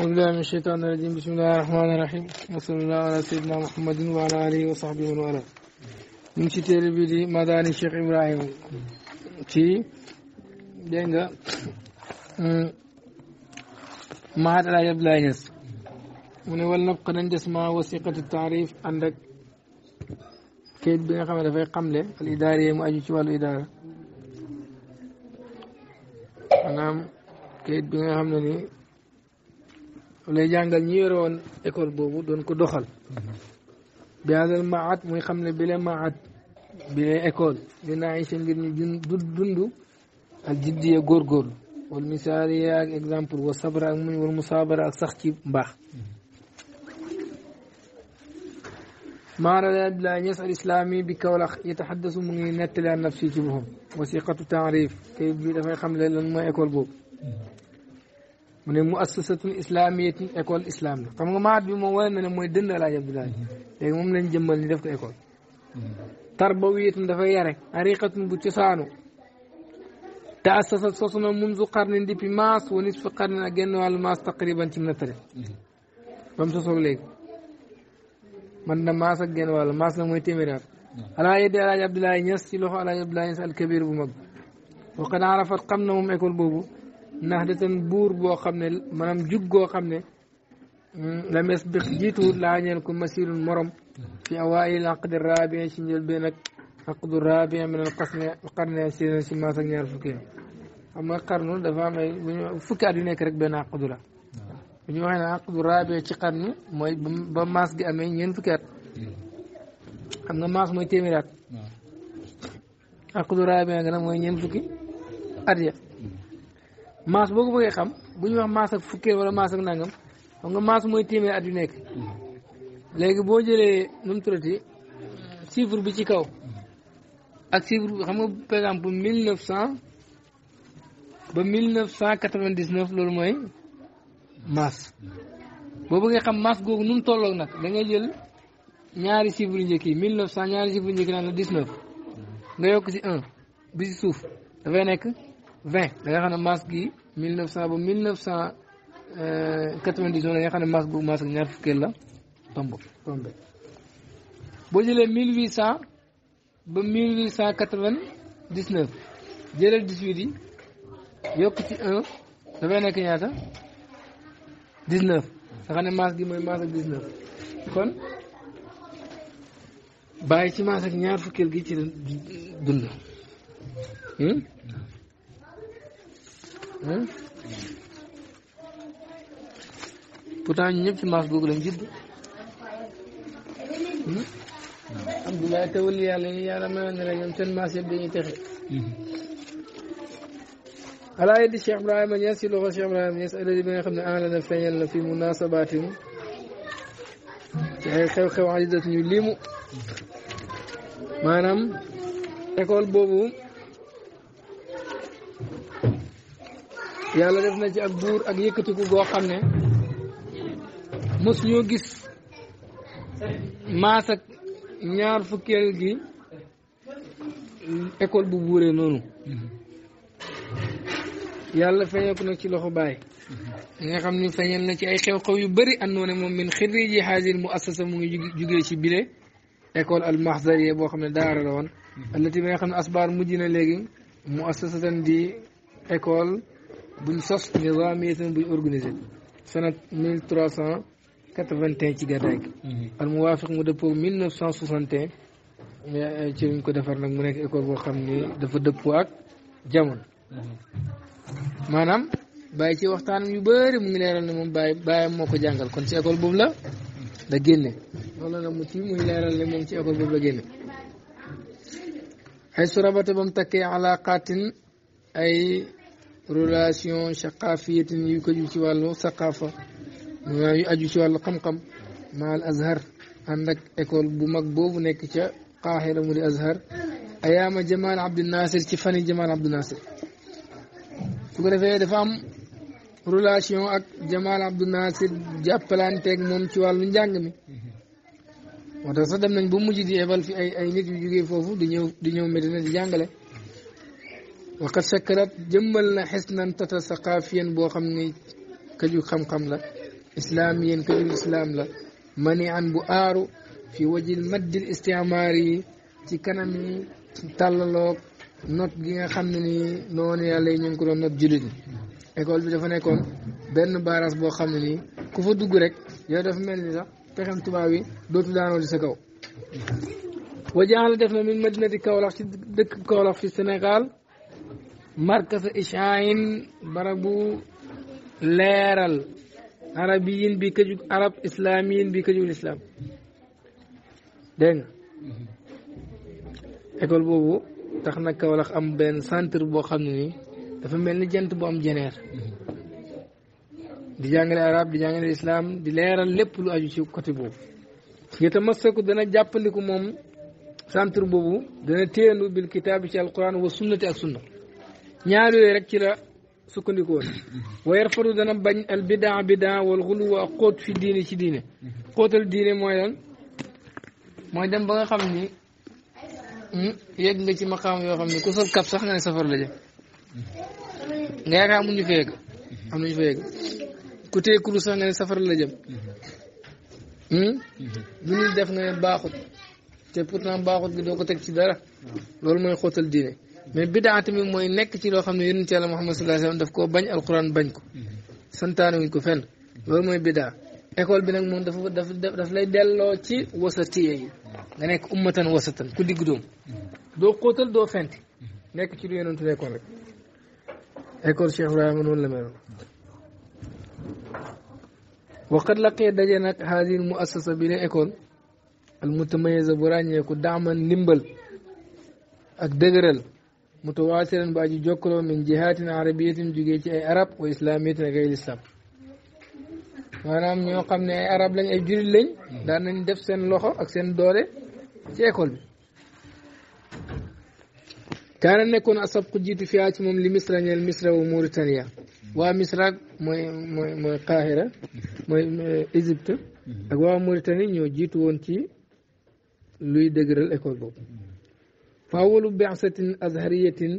أعوذ بالله من الشيطان الرجيم بسم الله الرحمن الرحيم وصلى الله على سيدنا محمد وعلى آله وصحبه من والاه من شتير بيدي مداني الشيخ إبراهيم تي دينغا ما هذا لا يبلا ينس من أول نبقى ننجس ما وثيقة التعريف عندك كيد بين خمسة في قملة الإدارية مؤجج والإدارة أنا كيد بين خمسة لي جانغال ني يورون ايكول بوبو دون كو دوخال بهذا المعاد موي خامل بلا معاد بلا ايكول دينا عيش غير ني دوند دوند الجديه غور غور والمثال يا اكزامبل والصبر والمصابره صح كي مباخ ما رد لا نس الاسلامي بكول يتحدث من نتلا نفسي جبهم وثيقه تعريف كيف بي دا فاي خامل لن ما ايكول بوب mu ne muassasatun islamiyatin école islam la nga maat bi moo wane na ne mooy dënd alaaj Abdoulaye léegi moom lañ jëmbal ni def ko école mm-hmm. tarbawiyatun dafay yare ariqatun bu cosaanu te assasat sosu na munzu qarnin depuis maas wa nisfi qarnin ak genn wàllu maas taqriban ci mu nettali mm-hmm. ba mu man na maas ak genn wàllu maas na mooy téeméeri at mm-hmm. alaa yeddi alaaj Abdoulaye Niass ci bu mag wa qad arafat xam na moom école boobu ndax de tan buur boo xam ne maanaam jug goo xam ne mm, la mes bi jiituwut laañeel ko masirun morom fi awaayil aqdi rabien si njëlbeen ak aqdu rabien min al qarne seen si maas ak ñaar fukki xam nga qarnu dafa am ay fukki at yu nekk rek benn aqdu la bu ñu waxee ne aqdu rabien ci qarnu mooy ba maas gi amee ñeent fukki at xam nga maas mooy téeméeri at aqdu rabien nga nag mooy ñeent fukki at ya maas boo bëggee xam bu ñuy wax maas ak fukkeel wala maas ak nangam xam nga maas mooy téeméer at yu nekk léegi boo jëlee nu mu tuddati bi ci kaw ak chiffre bi xam nga par exemple mille neuf cent ba mille neuf cent quatre-vingt-dix-neuf loolu mooy maas boo bëggee xam maas googu nu mu tolloog nag da ngay jël ñaari chiffre yu njëkk yi mille neuf cent ñaari chiffre yu njëkk naan la dix-neuf nga yokk ci un bi ci suuf dafay nekk vingt da nga xam ne masse gi mille neuf cent ba mille neuf cent euh, quatre-vingt-dix-neuf da xam ne masse boobu masse ak ñaar fukkeel la tomb tombe boo jëlee mille huit cent ba mille huit cent quatre-vingt-dix-neuf jëlal dix-huit yi yokk ci un dafay nekk ñaata dix-neuf nga xam ne masse gi mooy masse ak dix-neuf kon bàyyi ci masse ak ñaar fukkeel gi ci dund hmm? pourtant ñëpp ci maas googu lañ judd alhamdulilah tawul yàlla yi yàlla mayoon na la ñoom seen maas yëpp dañuy texe alaa yeddi Cheikh Ibrahima Niass si loxo Cheikh Ibrahima Niass adadi bi nga xam ne ala na feeñal na fi munaasabatin ci ay xew-xew ajidat ñu limu maanaam école boobu yàlla def na ci ak buur ak yëkkatiku goo xam ne mosuñoo gis maas ak ñaar fukkeel gi école bu buuree noonu yàlla feeñeeku nag ci loxo baay li nga xam ni feeñal na ci ay xew-xew yu bëri àndoo ne moom min xirriji haazil mu assasa mu ngi jugee ci bile école al mahzariya boo xam ne daara la woon allati mm-hmm. bi nga xam ne asbaar mujj na léegi mu assasatan di école buñ sos nizaamiyatan buñ organisé sanat mille trois cent quatre vingt ci gàddaay gi mhm. al muwaafiq mu dëppoo mille neuf cent soixante euh, ci luñ ko defar nag mu nekk école boo xam ni dafa dëppoo ak jamono mhm. maanaam bàyyi ci waxtaan yu bëri mu ngi leeral ne moom baay bàyyam moo ko jàngal kon ci école boobu la la génne loolu la mu ci muy leeral ne moom ci école boobu la génne ay surabata ba mu takkee alaqaatin ay relation saqaafiyatin yu ko ci wàllu saqaafa maanaam aju ci wàllu xam-xam maal azhar ànd ak école bu mag boobu nekk ca Qahira mu di azhar ayaama Jamal Abdou Nasser ci fan Jamal Abdou Nasser su ko defee dafa am relation ak Jamal Abdou Nasser jàppalanteeg moom ci wàllu njàng mi moo tax sax dem nañ ba mujj di ebal fi ay ay nit yu jógee foofu di ñëw di Medina di jàngale وقد سكرت جملنا حسنا تتثقافيا بو خمني كجو خم خم لا اسلاميا كجو اسلام لا منيعا بو ارو في وجه المد الاستعماري تي كانامي تالالوك نوت جيغا خمني نون يا لي نينكو دون نوت جوليت ايكول بي دا فا نيكون بن باراس بو خمني كوفا دوغ ريك يا دا فا ملني صاح تخم تباوي دوتو دانو دي سكاو وجعل دفنا من مدينه كولاخ دك كولاخ في السنغال markas ishaayin barabu leeral arabiyin bi ka jug arab islaamiyin bi ka jug lislaam dégg nga mm-hmm. école boobu tax na Kaolack am benn centre boo xam ne ni dafa mel ni jant boo am jeneer mm-hmm. di jàngale arab di jàngale islam di leeral lépp lu aju ci côté boobu yatamassaku dana jàppandiku moom centre boobu dana téyandu bil kitaabi ci alquran wa sunnati ak sunna ñaar yooyu rek ci la sukkandikoon wa yarfadu dana bañ al bidaa bidaa wal xulu wa xóot fi diine ci diine xóotal diine mooy lan mooy dem ba nga xam ni hmm, yeeg nga ci maqaam yoo xam ne ku sol sax nga ne safar la jëm nga yaakaar amuñu fa yegg am nañu ne safar la jëm hmm? lu def nga ne baaxut te pourtant baaxut gi doo ko teg ci dara loolu mooy xóotal diine mais bidaat mi mooy nekk ci loo xam ne yonent yàlla Muhammad sallallahu alayhi wa sallam daf koo bañ alquran bañ ko santaane wuñ ko fenn loolu mooy bida école bi nag moom dafa daf daf lay delloo ci wasatiye yi nga nekk ummatan wasatan ku digg doom doo xóotal doo fenti nekk ci lu yonentu nekkoon rek école Cheikh Ibrahima noonu la meloon waqad laqee daje nag haadi l muassasa bi la école al mutamayisa bu ràññeeku daaman ndimbal ak dëgëral متواصلا باجي جوكرو من جهات عربية جوجي اي عرب واسلامية غير الاسلام maanaam ñoo xam ne ay arab lañ ay jurit lañ daan nañ def seen loxo ak seen doole ci école bi kaana nekkoon asab ku jiitu fiyaa ci moom li misra ñeel misra wu mauritania waa misra ak mooy mooy mooy qahira mooy égypte ak waa mauritanie ñoo jiitu woon ci luy dëgëral école boobu fa awalu bi'satin azhariyatin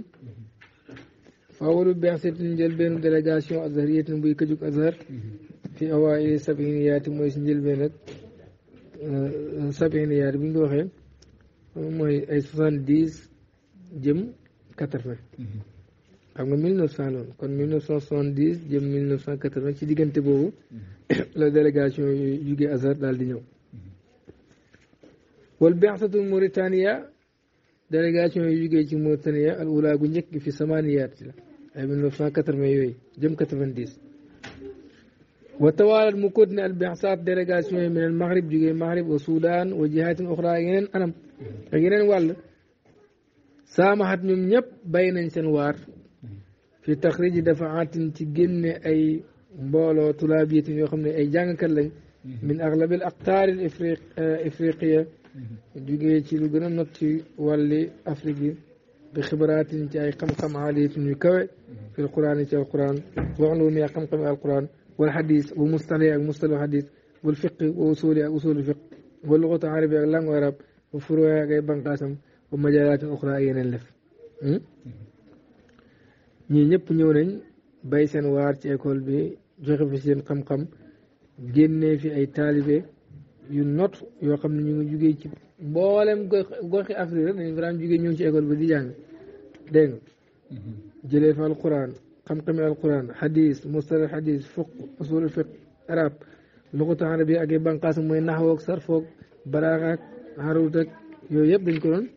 fa awalu bi'satin njëlbeenu délégation azhariyatin buy këjug azhar fi awaa'ili sab'iniyaati mooy si njëlbeen ak sab'iniyaat bi ñu ko waxee mooy ay soixante-dix jëm quatre-vingt xam nga mille neuf cent loolu kon mille neuf cent soixante-dix jëm mille neuf cent quatre-vingt ci diggante boobu la délégation yu jugee azhar daal di ñëw wal bi'satul Mauritania délégation yu jógee ci Mauritania al ula gu njëkk fi samaniyaat la ay 1980 yooyu jëm 90 wa tawalat mu continué al bixsaat délégation yi min al maghrib jógee maghrib wa soudan wa jihaatin oxra ak yeneen anam ak yeneen wàll saamaxat ñoom ñëpp bay nañ seen waar fi taxriji dafaatin ci génne ay mbooloo tulaabiyatin yoo xam ne ay jàngkat lañ min aglabil aqtaar al ifriqiya jugee ci lu gën a not ci wàlli Afrique yi bi xibaraatin ci ay xam-xam aliyatin yu kawe fil quran yi ci alquran wa ulumi ak xam-xam alquran wal hadis wa mustalahi ak mustalah hadis wal fiq wa usuli ak usul fiq wa luxatu arabi ak langu arab wa furuuy ak ay banqaasam wa majalaatin uxra ak yeneen lef hmm? ñii ñëpp ñëw nañ bay seen waar ci école bi joxe fi seen xam-xam génnee fi ay taalibe yu not yoo xam ne ñu ngi jugee ci mboolem gox goxi Afrique rek dañu daan jugee ñëw ci école bi di jàng dégg nga jëlee fa alquran xam-xami alquran hadis mustalah hadis fiq usul fiq arab luxatu arabi ak i banqaas mooy naxawoog sarfoog baraaxaak xarut ak yooyu yëpp dañ ko doon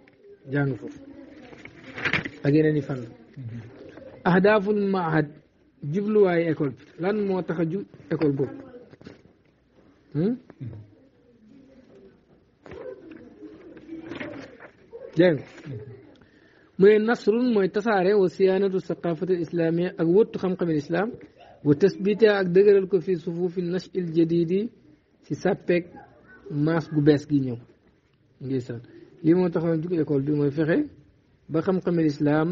jàng foofu ak yeneen i fànn mm-hmm. ahdaaful maahad jubluwaayu école bi lan moo tax a jub école boobu hmm? mm-hmm. dégg mu ne nasrun mooy tasaare wa siyaanatu saqaafati ak wëttu xam-xamin islam wa tasbita ak dëgëral ko fi sufuufi nash il jadidi si sàppeeg maas gu bees gi ñëw ngi san lii moo taxoon jug école bi mooy fexe ba xam-xamin islam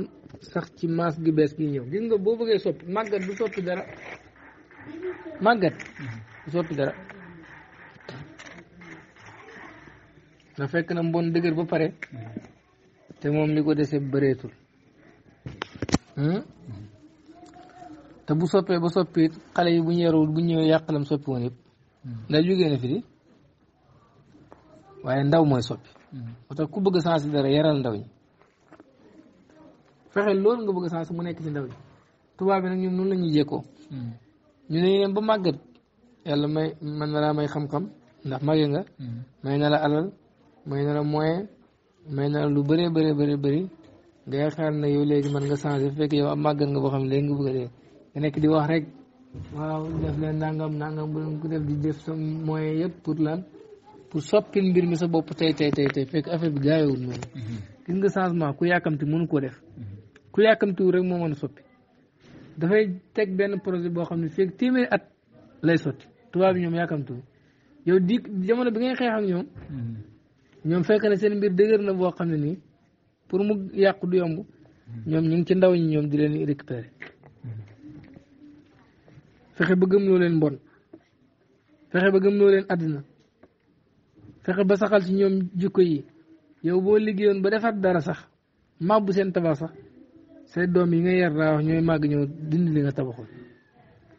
sax ci maas gu bees gi ñëw gis nga boo bëggee soppi màggat du soppi dara màggat du soppi dara na fekk na mbon dëgër ba pare te moom li ko dese bëreetul hmm? te bu soppee ba soppi xale yi bu ñu yarawul bu ñëwee yàqalam soppi woon yëpp hmm. ndax jógee na fi waaye ndaw mooy soppi hmm. moo ku bëgg sens dara yaral ndaw ñi fexe loolu nga bëgg sens mu nekk ci ndaw ñi tubaab bi nag ñoom noonu la ñuy ñu ne leen ba màggat yàlla may man na laa may xam-xam ndax màgge nga may na la alal may na la moyen naa lu bëree bëri bëri bëri nga yaakaar na yow léegi mën nga changé bu fekkee yow am màggat nga boo xam ne léegi nga bëgg dee nga nekk di wax rek waaw def leen nangam nangam bu ko def di def sa moyen yëpp pour lan pour soppi mbir mi sa bopp tey tey tey tey fekk affaire bi gaayowul noonu. Mhm. gis nga changement ku yàkkamti mënu koo def mhm. ku yàkkamtiwul rek moo mën a soppi dafay teg benn projet boo xam ne fekk téeméeri at lay sotti tubaab ñoom yàkkamtiwul yow di jamono bi ngay xeex ak ñoom. Mhm. ñoom fekk na seen mbir dëgër na boo xam ne nii pour mu yàqu du yomb ñoom ñu ngi ci ndaw ñi ñoom di leen récupérer fexe ba gëmloo leen mbon fexe ba gëm gëmloo leen àddina fexe ba saxal ci ñoom jikko yi yow boo liggéeyoon ba defaat dara sax maam bu seen tabax sax say doom yi nga yar daa wax ñooy màgg ñëw dindi li nga tabaxoon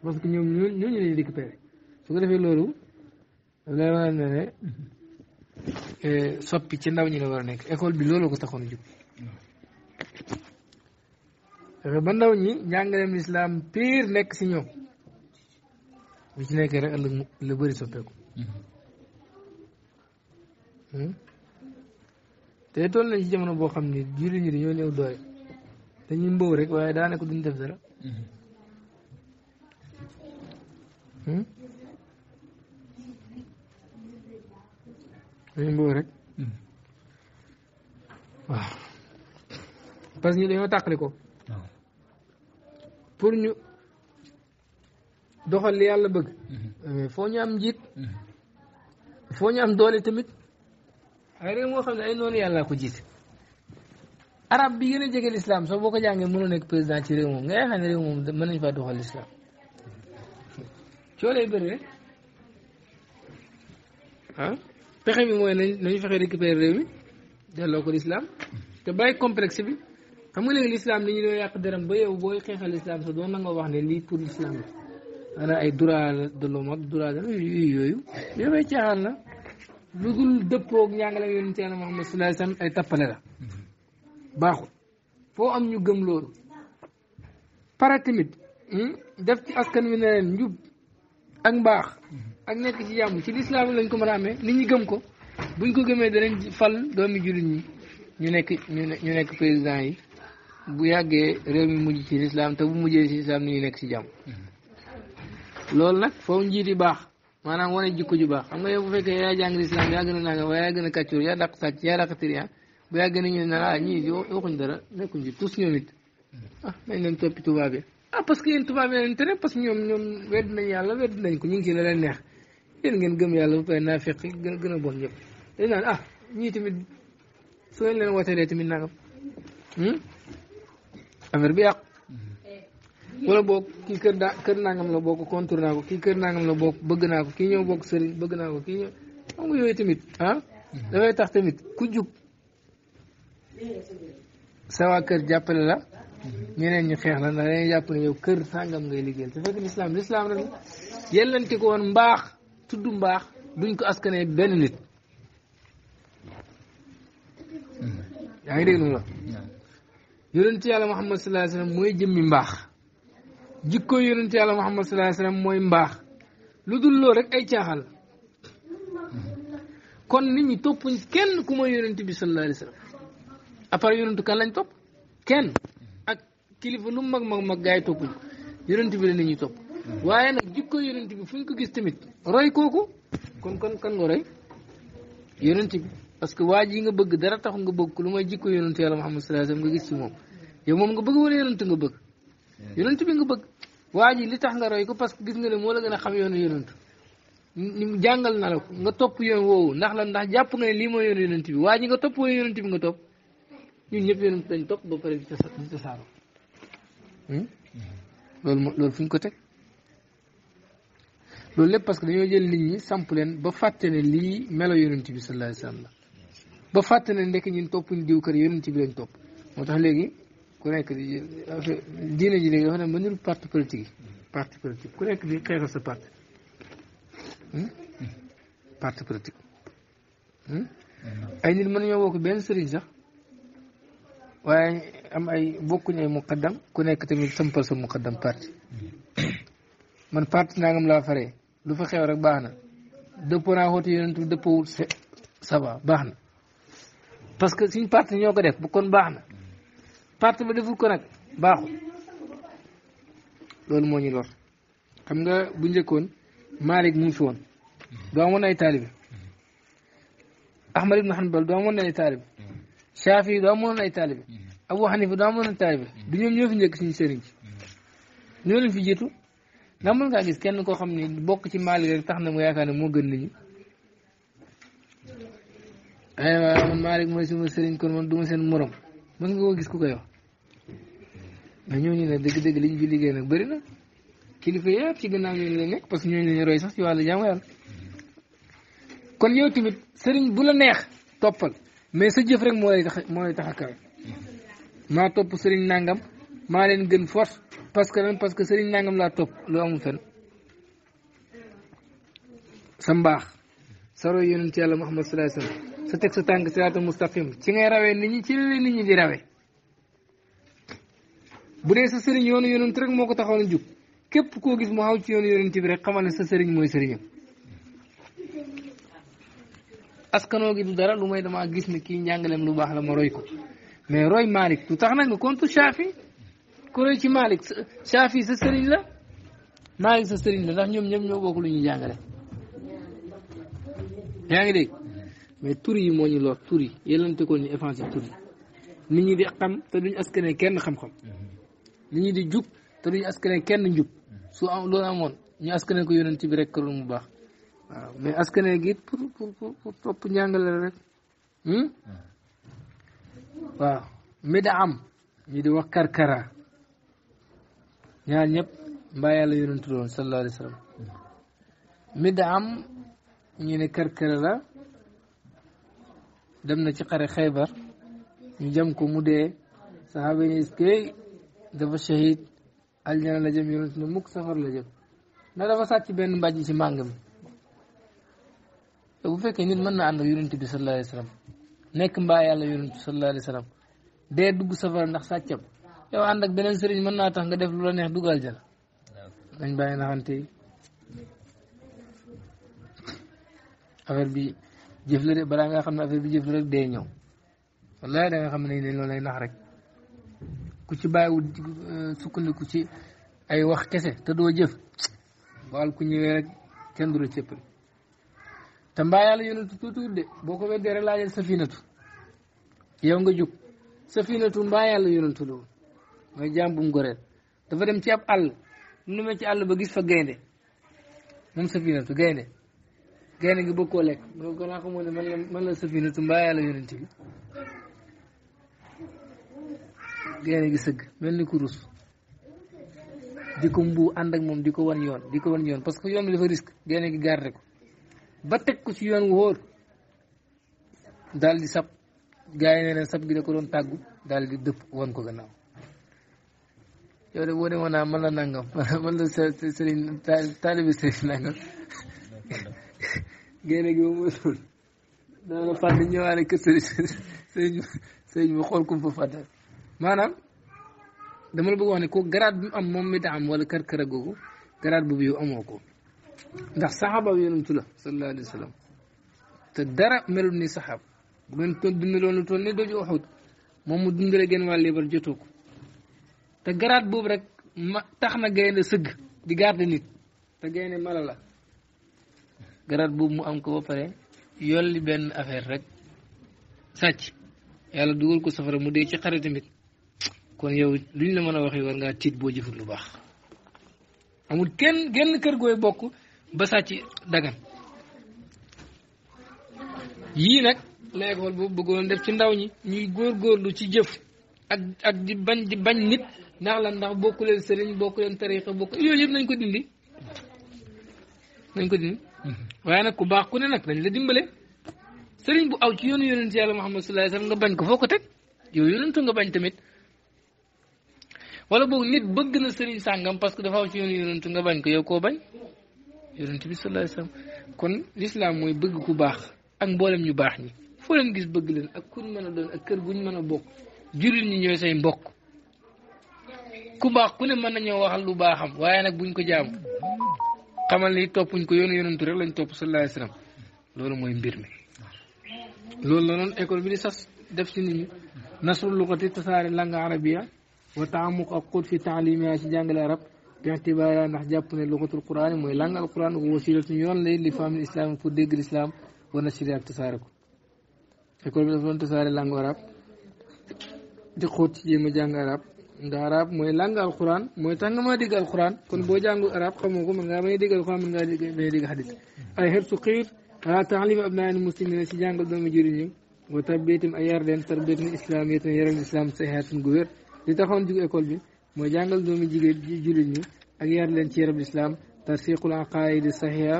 parce ñoom ñoo ñu récupérer su ko defee loolu lay wane ne E, soppi ci ndaw ñi la war a nekk école bi loolu ko taxoon a jóg fexe ba ndaw ñi njàngaleem lislaam piir nekk si ñoom bi ci nekkee rek ëllëg la bëri soppeeku hmm? te toll nañ ci jamono boo xam ni julli ñi dañoo néew doole dañuy mbow rek waaye daa daanaka duñ def dara hmm. Hmm? dañu mbóo rek ñu dañoo tàqali ko pour ñu doxal li yàlla bëgg mm-hmm. euh, foo ñu am njiit mm-hmm. foo ñu am doole tamit ay réew moo xam ne ay noonu yàlla ko jiit arab bi gën a jege lislaam soo boo ko jàngee mënoo nekk président ci réew moom nga xam ne réew moom mën nañ faa doxal lislaam coolee bëri rek pexe bi mooy nañ nañu fexe récupérer réew mi delloo ko lislaam te bàyyi complexe bi xam nga léegi lislaam li ñu doon yàq dërëm ba yow booy xeexal lislaam sax doon na nga wax ne lii pour lislaam la maanaam ay droit de l'homme ak droit de yooyu yooyu yooyu caaxaan la lu dul dëppoog njàngale yonente Yàlla Muhammad sallallahu alayhi wasallam ay tappale la baaxul foo am ñu gëm loolu para tamit def ci askan wi ne leen njub ak mbaax ak nekk ci jàmm ci lislaam lañ ko mën a amee ni ñi gëm ko buñ ko gëmee danañ fal doomi jullit ñi ñu nekk ñu nekk président yi bu yàggee réew mi mujj ci lislaam te bu mujjee ci lislaam ni ñu nekk ci jàmm mm-hmm. loolu nag foofu njiit yi baax maanaam wane jikko ju baax xam nga yow bu fekkee yaa jàng lislaam yaa gën a nanga waaye yaa gën a kàccoor yaa dàq sàcc yaa dàq tiriya ah. bu yàggee ni ñu ne ah ñii dara nekkuñ ci tous ñoom it mm-hmm. ah nañ leen toppi tubaab ah, que ñoom ñoom yàlla wedd ko ñu ngi neex yéen ngeen gëm yàlla ba pare naafiq gën gën a bon ñëpp dañ naan ah ñii tamit soo leen watalee tamit nangam hmm? affaire bi yàqu wala boog kii kër daa kër nangam la bokk contour naa ko kii kër nangam la bokk bëgg naa ko kii ñëw bokk sëriñ bëgg naa ko kii ñëw xam nga yooyu tamit ah dafay tax tamit ku jub sa waa kër jàppale la ñeneen ñu xeex la ndax dañuy jàpp ne yow kër sàngam ngay liggéeyal te fekk lislaam lislaam rek yellanti ko woon mbaax tudd mbaax duñ ko askanee benn nit yaa ngi dégg nu la yonent yàlla Muhammad sallallahu alayhi wasallam mooy jëmmi mbaax jikkoo yonent yàlla Muhammad sallallahu alayhi mooy mbaax lu dul loolu rek ay caaxal kon nit ñi toppuñ kenn ku mooy yonent bi sallallahu alayhi wasallam à part yonentu kan lañ topp kenn ak kilifa lu mag mag mag gaa yi toppuñ bi la nit topp waaye nag jikko yonent bi fu ñu ko gis tamit roy kooku kon kon kan nga roy yonent bi parce que waa ji nga bëgg dara taxul nga bëgg ku lu may jikko yonent yàlla Muhammad sallallahu alayhi wasallam nga gis moom yow moom nga bëgg wala yonent nga bëgg yonent bi nga bëgg waa ji li tax nga roy ko parce que gis nga ne moo la gën a xam yoonu yonent ni mu jàngal na la nga topp yoon woowu ndax la ndax jàpp nga ne lii mooy yoonu yonent bi waa ji nga topp wala yonent bi nga topp ñun ñëpp yonent lañ topp ba pare di tasaaroo hmm? mm-hmm. loolu loolu fu ñu ko teg loolu lépp parce que dañoo jël nit ñi samp leen ba fàtte ne lii melo yonent bi sallallahu alayhi wasallam ba fàtte ne ndekk ñun toppuñ diw kër yonent bi lañ topp moo tax léegi ku nekk di diine ji léegi dafa ne mënul parti politique parti politique ku nekk di xeexal sa parti hmm? parti politique hmm? mm-hmm. ay nit mën ñoo woo ko benn sëriñ sax waaye am ay bokkuñ ay muqaddam ku nekk tamit sampal sa muqaddam parti mm-hmm. man parti nangam laa faree lu fa xew rek baax na dëppoo naa xooti yonentu dëppowul ça va baax na parce que suñ parti ñoo ko def bu kon baax na parti ba deful ko nag baaxul loolu moo ñu lor xam nga bu njëkkoon Malik mu ngi fi woon doo amoon ay taalibe Ahmad ibn Hanbal doo amoon ay taalibe Shafi doo amoon ay taalibe Abu Hanifa doo amoon ay taalibe du ñoom ñoo fi njëkk suñu sëriñ ci ñoo fi jiitu ndax mën ngaa gis kenn koo xam ne bokk ci Maalik rek tax na mu yaakaar ne moo gën nit ñi ay waaw man mooy suma sëriñ kon man du seen morom mën nga koo gis ku koy wax mais ñooñu nag dëgg-dëgg li ñu fi liggéey nag bëri na kilifa yëpp ci gannaaw ñooñu la nekk parce que ñooñu lañu roy sax ci wàllu jaamu yàlla kon yow tamit sëriñ bu la neex toppal mais sa jëf rek moo tax moo lay tax a maa topp sëriñ nangam maa leen gën force parce que lan parce que sëriñ nangam laa topp lu amul fen sa mbaax sa roy yonent yàlla Muhammad sallallahu alayhi wa sa teg sa tànk siraatal mustaqim ci ngay rawee nit ñi ci nit ñi di rawee bu dee sa sëriñ yoonu yonent rek moo ko taxaw na képp koo gis mu xaw ci yoonu yonent bi rek xamal ne sa sëriñ mooy sëriñam askanoo gi du dara lu may damaa gis ne kii njàngaleem lu baax la ma roy ko mais roy Malick lu tax nag nga kontu Shafi ku rëy ci Malick Chafi sa sëriñ la Malick sa sëriñ la ndax ñoom ñëpp ñoo bokk lu ñuy jàngale yaa ngi de mais tur yi moo ñu lor tur yi yëlante ko ñu effacé tur yi nit di xam te duñ askane kenn xam-xam nit ñi di jub te duñ askane kenn jub su am loolu amoon ñu askane ko yonent bi rek këroon mu baax waaw mais askane gi pour pour pour topp njàngale rek hmm? waaw mi da am ñi di wax karkara ñaar ñëpp mbaa yàlla yonentu doon sallallahu alayhi wa sallam Midaam ne kër la dem na ci xare xaybar ñu jëm ko mu dee saxaaba yi ne dafa shahid aljana la jëm yonentu ne mukk safar la jëm na dafa sàcc benn mbàjj ci màng mi te bu fekkee nit mën na ànd ak yonent bi sallallahu alayhi nekk mbaa yàlla yonentu sallallahu alayhi wa sallam dee dugg safara ndax sàccam yow ànd ak beneen sëriñ mën naa tax nga def lu la neex dugal jala dañ bàyyi naxante affaire bi jëf la de balaa nga xam ne affaire bi jëf la rek ñëw wallahi da nga xam ne dañ loolu ay nax rek ku ci bàyyiwul euh, sukkandiku ci ay wax kese te doo jëf baal ku ñëwee rek kenn du la te mbaa yàlla yonatu tuutuut de boo ko weddee rek laajal safinatu yow nga jug safinatu mbaa yàlla yonatu loolu mooy jaam bu dafa dem ci ab àll mu demee ci àll ba gis fa gaynde moom safinatu gaynde gaynde gi bëgg koo lekk ko naa ko ne man la man la safinatu mbaa yàlla yonent bi gaynde gi sëgg mel ku di ko mbuu ànd ak moom di ko wan yoon di ko wan yoon parce que yoon bi dafa risque gaynde gi garde ko ba teg ko ci yoon wóor daal di sab gaa yi ne sab gi da ko doon tàggu daal di dëpp wan ko gannaaw yow de boo demoon naa man la nangam man la sëriñ taalibi sëriñ nangam génne gi moom mooy loolu la fàtte ñëwaale kër sëriñ sëriñ bi xool kum fa fàtte maanaam dama la bëgg wax ko garaat bi mu am moom mi wala kër kër googu garaat bu yow amoo ko ndax saxaaba yonentu la sallallahu alayhi wa saxaab bu ngeen doon dundaloon lu toll nii doo ci waxut moom mu dundale genn wàll yi ko. te garaat boobu rek ma tax na gaynde sëgg di garder nit te gaynde mala la garaat boobu mu am ko ba yolli benn affaire rek sàcc yàlla dugal ko safara mu dee ci xare tamit kon yow lu ñu la mën a wax war ngaa tiit boo jëfut lu baax amul kenn genn kër gooy bokk ba sàcc dagan yii nag la école bëggoon def ci ndaw ñi ñuy góorgóorlu ci jëf ak ak di bañ di bañ nit ndax lan ndax bokku leen sëriñ bokku leen tariqa bokku yooyu yëpp nañ ko dindi nañ ko dindi mhm. waaye nag ku baax ku ne nag dañ la dimbale sëriñ bu aw ci yoonu yonent yàlla Muhammad sallallahu alayhi wasallam nga bañ ko foo ko teg yow yonentu nga bañ tamit wala boog nit bëgg na sëriñ sàngam parce que dafa aw ci yoonu yonentu nga bañ ko yow koo bañ yonent bi sallallahu alayhi wasallam kon l'islam mooy bëgg ku baax ak mboolem ñu baax ñi foo leen gis bëgg leen ak kuñ mën a doon ak kër guñ mën a bokk jullit ñi ñooy say mbokk ku baax ku ne mën nañoo waxal lu baaxam waaye nag buñ ko jaamu xamal ni toppuñ ko yoon yonentu rek lañ topp sallallahu alayhi wa loolu mooy mbir mi. loolu la noonu école bi di sas def ci nit ñi nasru lugati tasaare langue arabia wa taamuq ak xóot fi taalimiya ci jàngale arab bi'tibaara ndax jàpp ne lugatul quraan mooy langue al quraan wa wasilatun yoon lay li famille islam pour dégg l'islam wa nasri ak tasaare ko école bi dafa doon tasaare langue arab nga arab mooy làng alquran mooy tax nga mën a dégg alquran kon boo jàngu arab xamoo ko mën ngaa bañ a dégg alquran mën ngaa bañ a dégg xadis ay xer su xiir ala taalim abnaani muslimina si jàngal doomu jëriñ ñi wa tarbiyatim ay yar leen tarbiyatin islamiyatan yaram islam sahihatin gu wér li taxoon jug école bi mooy jàngal doomu jigéen jullit ñi ak yar leen ci yaram islam tarsiqul aqaidi sahiha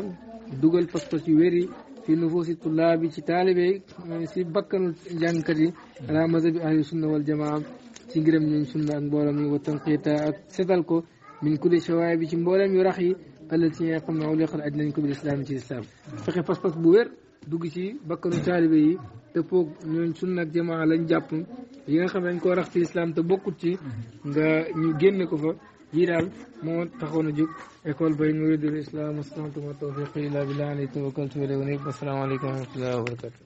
dugal pas-pas yu wér yi fi nufuusi tullaabi ci taalibe si bakkanul jàngkat yi ala mazhabi ahli sunna wal jamaa ci ngërëm ñooñ sunna ak mboolem yi wa tanqiita setal ko min kulli shawaay bi ci mboolem yu rax yi àll ci nga xam ne awliqal nañ ko bil islaam ci islam fexe pas-pas bu wér dugg ci bakkanu taalibe yi te foog ñooñ sunna ak jamaa lañ jàpp yi nga xam ne dañ koo rax ci islam te bokkut ci nga ñu génne ko fa yii daal moo taxoon a jóg école bay muridul islam astantumaa tawfiqi illaa billaah alayhi tawakkaltu wa ilayhi uniib asalaamaaleykum wa rahmatullaahi wa barakaatu